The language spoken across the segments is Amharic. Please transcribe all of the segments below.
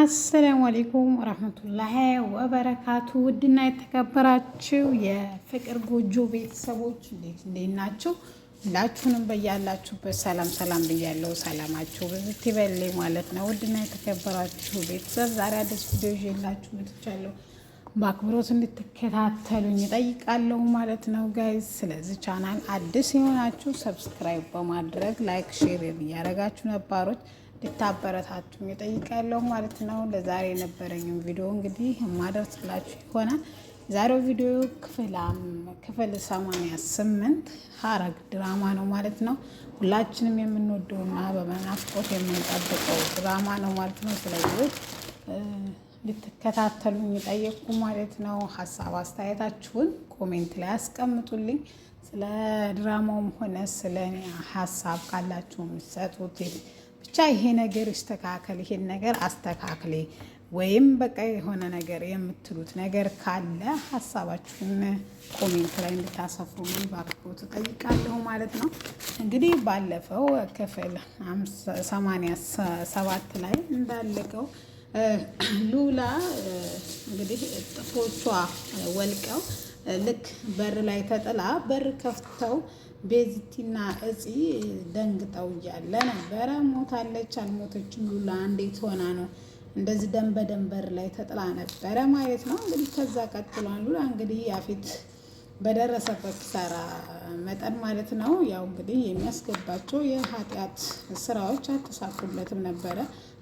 አሰላሙ አሌይኩም ረህመቱላሂ ወበረካቱ። ውድና የተከበራችሁ የፍቅር ጎጆ ቤተሰቦች እንዴት እንዴት ናችሁ? ሁላችሁንም በያላችሁበት ሰላም ሰላም ብያለው። ሰላማችሁ ብዝት ይበሌ ማለት ነው። ውድና የተከበራችሁ ቤተሰብ ዛሬ አዲስ ቪዲዮ ይዤላችሁ መጥቻለሁ። በአክብሮት እንድትከታተሉኝ እጠይቃለሁ ማለት ነው ጋይዝ። ስለዚህ ቻናል አዲስ የሆናችሁ ሰብስክራይብ በማድረግ ላይክ፣ ሼር እያደረጋችሁ ነባሮች ልታበረታቱኝ እጠይቃለሁ ማለት ነው። ለዛሬ የነበረኝም ቪዲዮ እንግዲህ የማደርስላችሁ ይሆናል። የዛሬው ቪዲዮ ክፍል ሰማንያ ስምንት ሐረግ ድራማ ነው ማለት ነው። ሁላችንም የምንወደውና በመናፍቆት የምንጠብቀው ድራማ ነው ማለት ነው። ስለዚህ ልትከታተሉኝ ጠየቅኩ ማለት ነው። ሀሳብ አስተያየታችሁን ኮሜንት ላይ ያስቀምጡልኝ። ስለ ድራማውም ሆነ ስለ ሀሳብ ካላችሁ የምትሰጡት ብቻ ይሄ ነገር ይስተካከል፣ ይሄን ነገር አስተካክሌ ወይም በቃ የሆነ ነገር የምትሉት ነገር ካለ ሀሳባችሁን ኮሜንት ላይ እንድታሰፍሩ በአክብሮት እጠይቃለሁ ማለት ነው። እንግዲህ ባለፈው ክፍል ሰማንያ ሰባት ላይ እንዳለቀው ሉላ እንግዲህ ጥፎቿ ወልቀው ልክ በር ላይ ተጥላ በር ከፍተው ቤዚቲና እፂ ደንግጠው እያለ ነበረ። ሞታለች አልሞተችም ሉላ እንዴት ሆና ነው እንደዚህ ደም በደንበር ላይ ተጥላ ነበረ ማለት ነው። እንግዲህ ከዛ ቀጥሏል። ሉላ እንግዲህ ያፊት በደረሰበት ሰራ መጠን ማለት ነው ያው እንግዲህ የሚያስገባቸው የኃጢአት ስራዎች አልተሳኩለትም ነበረ።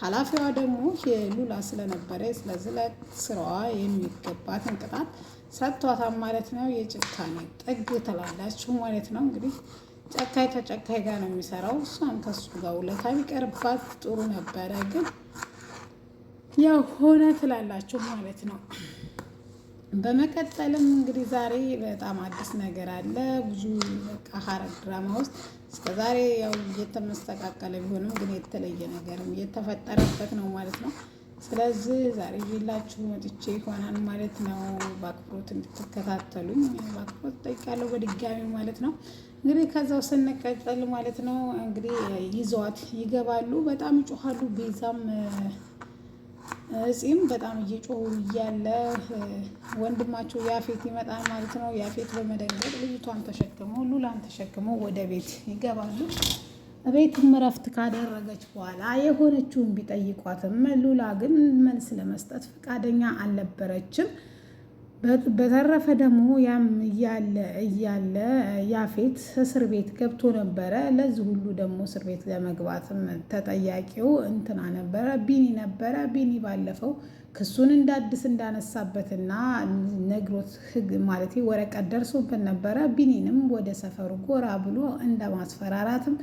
ኃላፊዋ ደግሞ የሉላ ስለነበረ ስለዚህ ስራዋ የሚገባትን ቅጣት ሰጥቷታል ማለት ነው። የጭካኔ ጥግ ትላላችሁ ማለት ነው። እንግዲህ ጨካኝ ተጨካኝ ጋር ነው የሚሰራው። እሷን ከሱ ጋር ውለታ ቢቀርባት ጥሩ ነበረ፣ ግን ያው ሆነ ትላላችሁ ማለት ነው። በመቀጠልም እንግዲህ ዛሬ በጣም አዲስ ነገር አለ። ብዙ በቃ ድራማ ውስጥ እስከዛሬ ያው እየተመስተካከለ ቢሆንም ግን የተለየ ነገር እየተፈጠረበት ነው ማለት ነው። ስለዚህ ዛሬ ይዤላችሁ መጥቼ ይሆናል ማለት ነው። በአክብሮት እንድትከታተሉኝ በአክብሮት እጠይቃለሁ በድጋሚ ማለት ነው። እንግዲህ ከዛው ስንቀጠል ማለት ነው እንግዲህ ይዘዋት ይገባሉ። በጣም ይጮኋሉ። ቤዛም እዚህም በጣም እየጮሁ እያለ ወንድማቸው ያፌት ይመጣል ማለት ነው። ያፌት በመደንገጥ ልጅቷን ተሸክሞ ሉላን ተሸክሞ ወደ ቤት ይገባሉ። ቤትም እረፍት ካደረገች በኋላ የሆነችውን ቢጠይቋትም ሉላ ግን መልስ ለመስጠት ፈቃደኛ አልነበረችም። በተረፈ ደግሞ ያም እያለ እያለ ያፌት እስር ቤት ገብቶ ነበረ። ለዚህ ሁሉ ደግሞ እስር ቤት ለመግባትም ተጠያቂው እንትና ነበረ፣ ቢኒ ነበረ። ቢኒ ባለፈው ክሱን እንዳድስ እንዳነሳበትና ነግሮት ህግ ማለት ወረቀት ደርሶበት ነበረ። ቢኒንም ወደ ሰፈሩ ጎራ ብሎ እንደማስፈራራትም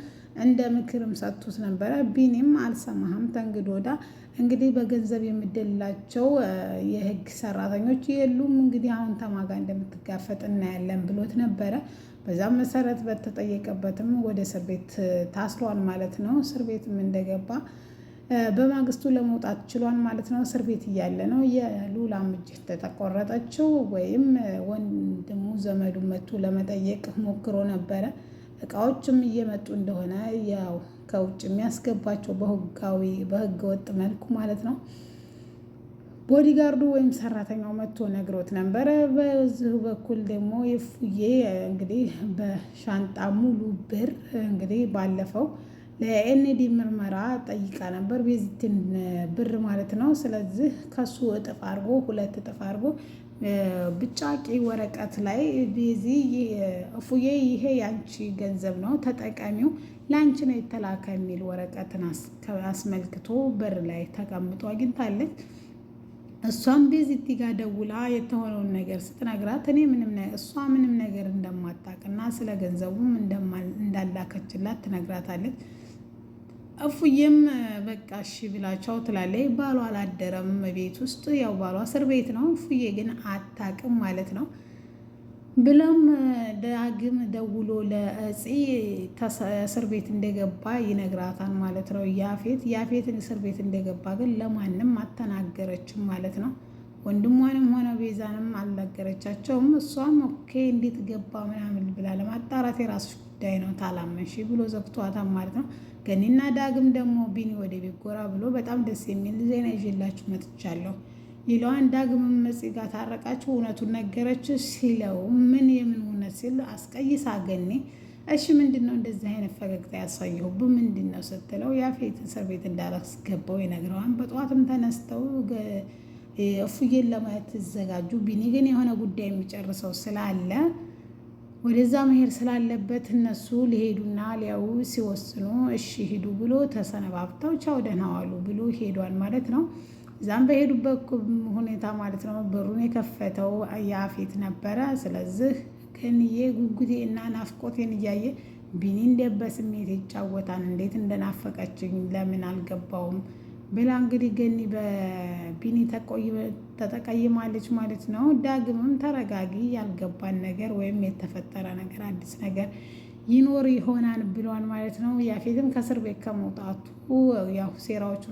እንደ ምክርም ሰጥቶት ነበረ። ቢኒም አልሰማህም ተንግዶ ወዳ እንግዲህ በገንዘብ የምደላቸው የህግ ሰራተኞች የሉም፣ እንግዲህ አሁን ተማጋ እንደምትጋፈጥ እናያለን ብሎት ነበረ። በዛም መሰረት በተጠየቀበትም ወደ እስር ቤት ታስሯል ማለት ነው። እስር ቤትም እንደገባ በማግስቱ ለመውጣት ችሏል ማለት ነው። እስር ቤት እያለ ነው የሉላም እጅ ተቆረጠችው። ወይም ወንድሙ ዘመዱ መቱ ለመጠየቅ ሞክሮ ነበረ እቃዎችም እየመጡ እንደሆነ ያው ከውጭ የሚያስገባቸው በህጋዊ በህገ ወጥ መልኩ ማለት ነው። ቦዲጋርዱ ወይም ሰራተኛው መጥቶ ነግሮት ነበረ። በዚሁ በኩል ደግሞ የፉዬ እንግዲህ በሻንጣ ሙሉ ብር እንግዲህ ባለፈው ለኤንዲ ምርመራ ጠይቃ ነበር ቤዚትን ብር ማለት ነው። ስለዚህ ከሱ እጥፍ አድርጎ ሁለት እጥፍ አድርጎ ብጫቂ ወረቀት ላይ ቤዚ እፉዬ ይሄ ያንቺ ገንዘብ ነው ተጠቃሚው ለአንቺ ነው የተላከ የሚል ወረቀትን አስመልክቶ በር ላይ ተቀምጦ አግኝታለች። እሷም ቤዚቲ ጋር ደውላ የተሆነውን ነገር ስትነግራት እኔ ምንም እሷ ምንም ነገር እንደማታውቅና ስለ ገንዘቡም እንዳላከችላት ትነግራታለች። እፉዬም በቃ እሺ ብላቸው ትላለች። ባሏ አላደረም ቤት ውስጥ ያው ባሏ እስር ቤት ነው። እፉዬ ግን አታቅም ማለት ነው። ብለም ዳግም ደውሎ ለእፂ እስር ቤት እንደገባ ይነግራታል ማለት ነው። ያፌት ያፌትን እስር ቤት እንደገባ ግን ለማንም አተናገረችም ማለት ነው። ወንድሟንም ሆነ ቤዛንም አልነገረቻቸውም። እሷም ኦኬ እንዴት ገባ ምናምን ብላ ለማጣራት የራስሽ ጉዳይ ነው ታላመንሽ ብሎ ዘግቷታል ማለት ነው። ገኒና ዳግም ደግሞ ቢኒ ወደ ቤት ጎራ ብሎ በጣም ደስ የሚል ዜና ይዤላችሁ መጥቻለሁ። ሌላዋን ዳግም መጽ ጋር ታረቃችሁ እውነቱን ነገረች ሲለው ምን የምን እውነት ሲል አስቀይሳ ገኔ እሺ ምንድን ነው እንደዚህ አይነት ፈገግታ ያሳየሁብ ምንድን ነው ስትለው ያፌት እስር ቤት እንዳላስገባው ይነግረዋል። በጠዋትም ተነስተው እፉዬን ለማየት ተዘጋጁ። ቢኒ ግን የሆነ ጉዳይ የሚጨርሰው ስላለ ወደዛ መሄድ ስላለበት እነሱ ሊሄዱና ሊያዩ ሲወስኑ እሺ ሂዱ ብሎ ተሰነባብተው ቻው ደህና ዋሉ ብሎ ሄዷል ማለት ነው። እዛም በሄዱበት ሁኔታ ማለት ነው በሩን የከፈተው ያፌት ነበረ። ስለዚህ ክንዬ ጉጉቴ እና ናፍቆቴን እያየ ቢኒ እንደበስሜት ይጫወታል። እንዴት እንደናፈቀችኝ ለምን አልገባውም ብላ እንግዲህ ገኒ በቢኒ ተጠቀይማለች ማለት ነው። ዳግምም ተረጋጊ፣ ያልገባን ነገር ወይም የተፈጠረ ነገር አዲስ ነገር ይኖር ይሆናል ብሏን ማለት ነው። ያፌትም ከእስር ቤት ከመውጣቱ ያው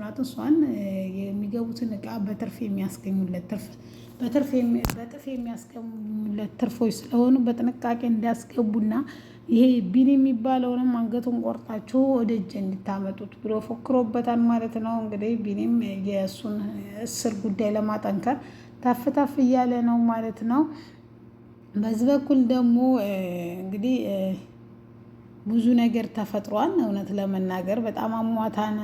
ናት እሷን የሚገቡትን እቃ በትርፍ የሚያስገኙለት ትርፍ በጥፍ የሚያስገቡለት ትርፎች ስለሆኑ በጥንቃቄ እንዲያስገቡና ይሄ ቢን የሚባለውንም አንገቱን ቆርጣችሁ ወደ እጅ እንድታመጡት ብሎ ፎክሮበታል ማለት ነው። እንግዲህ ቢኒም የእሱን እስር ጉዳይ ለማጠንከር ታፍታፍ እያለ ነው ማለት ነው። በዚህ በኩል ደግሞ እንግዲህ ብዙ ነገር ተፈጥሯል። እውነት ለመናገር በጣም አሟታን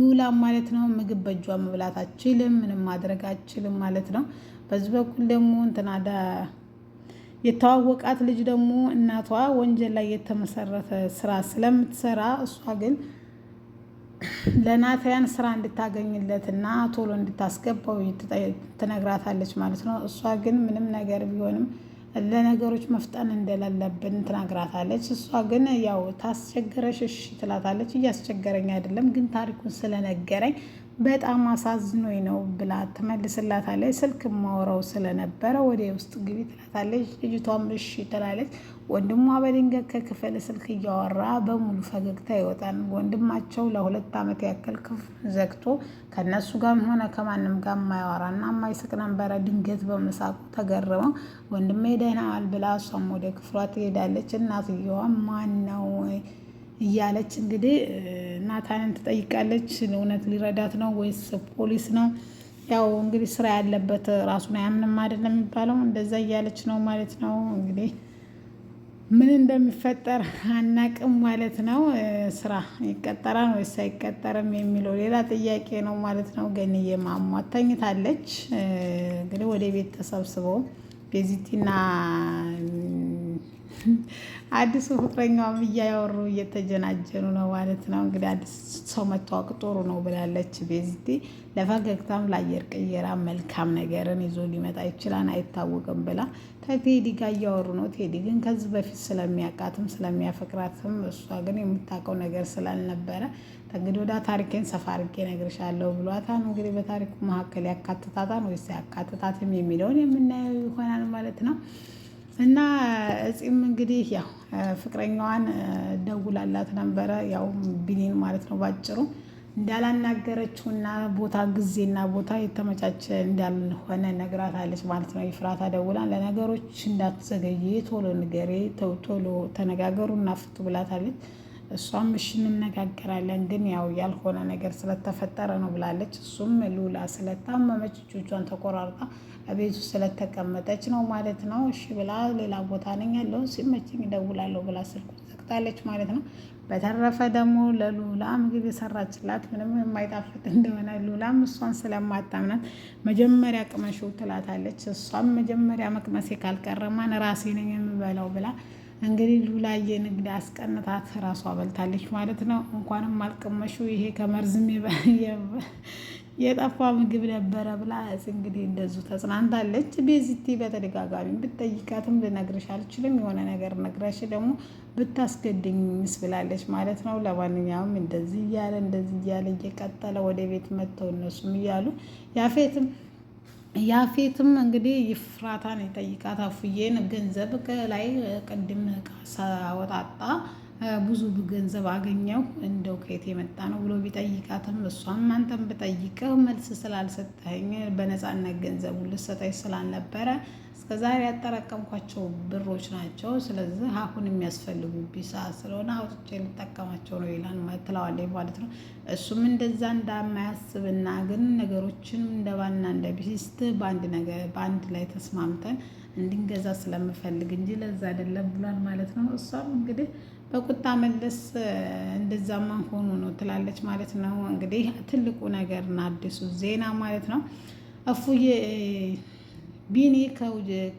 ሉላ ማለት ነው ምግብ በእጇ መብላት አችልም፣ ምንም ማድረግ አችልም ማለት ነው። በዚህ በኩል ደግሞ እንትናዳ የተዋወቃት ልጅ ደግሞ እናቷ ወንጀል ላይ የተመሰረተ ስራ ስለምትሰራ እሷ ግን ለናታያን ስራ እና ቶሎ እንድታስገባው ትነግራታለች ማለት ነው። እሷ ግን ምንም ነገር ቢሆንም ለነገሮች መፍጠን እንደሌለብን ትናግራታለች። እሷ ግን ያው ታስቸገረሽ እሺ ትላታለች። እያስቸገረኝ አይደለም ግን ታሪኩን ስለነገረኝ በጣም አሳዝኖኝ ነው ብላ ትመልስላታለች። ስልክ ማውራው ስለነበረ ወደ ውስጥ ግቢ ትላታለች። ልጅቷም እሺ ትላለች። ወንድሟ በድንገት ከክፍል ስልክ እያወራ በሙሉ ፈገግታ ይወጣል። ወንድማቸው ለሁለት ዓመት ያክል ክፍል ዘግቶ ከነሱ ጋር ሆነ ከማንም ጋር የማያወራና የማይስቅ ነበረ። ድንገት በመሳቁ ተገረመ። ወንድሜ ደህና ዋል ብላ እሷም ወደ ክፍሏ ትሄዳለች። እናትየዋ ማን ነው እያለች እንግዲህ ናታንን ትጠይቃለች። እውነት ሊረዳት ነው ወይስ ፖሊስ ነው? ያው እንግዲህ ስራ ያለበት ራሱን አያምንም አይደለም የሚባለው። እንደዛ እያለች ነው ማለት ነው እንግዲህ ምን እንደሚፈጠር አናቅም ማለት ነው። ስራ ይቀጠራል ወይስ አይቀጠርም የሚለው ሌላ ጥያቄ ነው ማለት ነው። ገንዬ ማሟት ተኝታለች። እንግዲህ ወደ ቤት ተሰብስበው ቤዚቲና አዲሱ ፍቅረኛውም እያወሩ እየተጀናጀኑ ነው ማለት ነው። እንግዲህ አዲስ ሰው መተዋወቅ ጥሩ ነው ብላለች ቤዝቲ። ለፈገግታም ለአየር ቅየራ መልካም ነገርን ይዞ ሊመጣ ይችላል አይታወቅም ብላ ከቴዲ ጋር እያወሩ ነው። ቴዲ ግን ከዚህ በፊት ስለሚያውቃትም ስለሚያፈቅራትም እሷ ግን የምታውቀው ነገር ስላልነበረ እንግዲህ ወደ ታሪኬን ሰፋ አድርጌ እነግርሻለሁ ብሏታል። እንግዲህ በታሪኩ መካከል ያካትታታን ወይስ ያካትታትም የሚለውን የምናየው ይሆናል ማለት ነው። እና እፂም እንግዲህ ያው ፍቅረኛዋን ደውላላት ነበረ። ያው ቢኒን ማለት ነው ባጭሩ እንዳላናገረችውና ቦታ ጊዜና ቦታ የተመቻቸ እንዳልሆነ ነግራታለች ማለት ነው። ኤፍራታ ደውላ ለነገሮች እንዳትዘገይ ቶሎ ንገሬ ቶሎ ተነጋገሩ እናፍቱ ብላታለች። እሷም እሺ እንነጋገራለን፣ ግን ያው ያልሆነ ነገር ስለተፈጠረ ነው ብላለች። እሱም ሉላ ስለታመመች እጆቿን ተቆራርጣ ቤቱ ስለተቀመጠች ነው ማለት ነው። እሺ ብላ ሌላ ቦታ ነኝ ያለው ሲመችኝ እደውላለሁ ብላ ስልኩ ዘግታለች ማለት ነው። በተረፈ ደግሞ ለሉላ ምግብ የሰራችላት ምንም የማይጣፍጥ እንደሆነ ሉላም እሷን ስለማታምናት መጀመሪያ ቅመሽው ትላታለች። እሷም መጀመሪያ መቅመሴ ካልቀረማን ራሴ ነኝ የምበላው ብላ እንግዲህ ሉላ የንግድ አስቀንታት ራሷ በልታለች ማለት ነው። እንኳንም አልቀመሹ ይሄ ከመርዝም የጠፋ ምግብ ነበረ ብላ እንግዲህ እንደዙ ተጽናንታለች። ቤዚቲ በተደጋጋሚ ብትጠይቃትም ልነግርሽ አልችልም የሆነ ነገር ነግረሽ ደግሞ ብታስገድኝስ ብላለች ማለት ነው። ለማንኛውም እንደዚህ እያለ እንደዚህ እያለ እየቀጠለ ወደ ቤት መጥተው እነሱም እያሉ ያፌትም ያፌትም እንግዲህ ይፍራታን ይጠይቃት አፉዬን ገንዘብ ከላይ ቅድም ካሳ ወጣጣ ብዙ ገንዘብ አገኘው እንደው ከየት የመጣ ነው ብሎ ቢጠይቃትም እሷም አንተም ብጠይቀው መልስ ስላልሰጠኝ በነፃነት ገንዘቡ ልሰጠች ስላልነበረ እስከዛሬ ያጠራቀምኳቸው ብሮች ናቸው። ስለዚህ አሁን የሚያስፈልጉብኝ ሰዓት ስለሆነ አውጥቼ ልጠቀማቸው ነው ይላል ትለዋለች ማለት ነው። እሱም እንደዛ እንዳማያስብና ግን ነገሮችን እንደ ባልና እንደ ቢስት በአንድ ነገር በአንድ ላይ ተስማምተን እንድንገዛ ስለምፈልግ እንጂ ለዛ አይደለም ብሏል ማለት ነው። እሷም እንግዲህ በቁጣ መለስ እንደዛማ ሆኖ ነው ትላለች ማለት ነው። እንግዲህ ትልቁ ነገርና አዲሱ ዜና ማለት ነው እፉዬ ቢኒ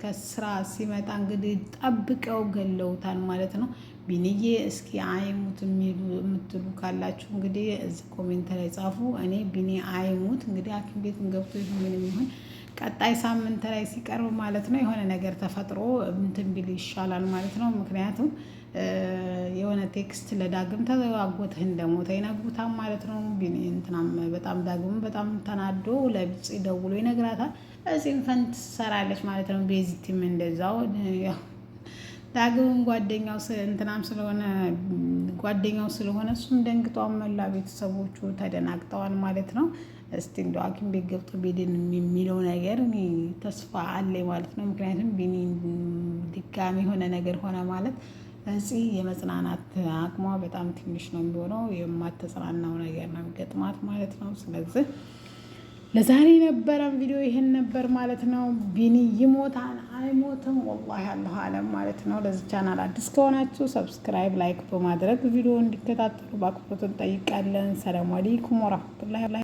ከስራ ሲመጣ እንግዲህ ጠብቀው ገለውታል ማለት ነው። ቢኒዬ እስኪ አይሙት የምትሉ ካላችሁ እንግዲህ እዚህ ኮሜንት ላይ ጻፉ። እኔ ቢኒ አይሙት እንግዲህ ሐኪም ቤት ገብቶ ምን ይሁን ቀጣይ ሳምንት ላይ ሲቀርብ ማለት ነው የሆነ ነገር ተፈጥሮ እንትን ቢል ይሻላል ማለት ነው ምክንያቱም የሆነ ቴክስት ለዳግም ተዘዋጎትህ እንደሞተ ይነግሩታል ማለት ነው። እንትናም በጣም ዳግም በጣም ተናዶ ለብጽ ደውሎ ይነግራታል። እዚህም ፈንት ትሰራለች ማለት ነው። ቤዚቲም እንደዛው ዳግም ጓደኛው እንትናም ስለሆነ ጓደኛው ስለሆነ እሱም ደንግጧን መላ ቤተሰቦቹ ተደናግጠዋል ማለት ነው። እስቲ እንደ ሐኪም ቤት ገብቶ ቤድን የሚለው ነገር ተስፋ አለ ማለት ነው። ምክንያቱም ቢኒ ድጋሚ የሆነ ነገር ሆነ ማለት እዚህ የመጽናናት አቅሟ በጣም ትንሽ ነው የሚሆነው። የማትጽናናው ነገር ነው ገጥማት ማለት ነው። ስለዚህ ለዛሬ ነበረን ቪዲዮ ይህን ነበር ማለት ነው። ቢኒ ይሞታል አይሞትም፣ ወላሂ አላሁ አለም ማለት ነው። ለዚህ ቻናል አዲስ ከሆናችሁ ሰብስክራይብ፣ ላይክ በማድረግ ቪዲዮ እንዲከታተሉ በአክብሮት እንጠይቃለን። ሰላም አለይኩም ወራህመቱላሂ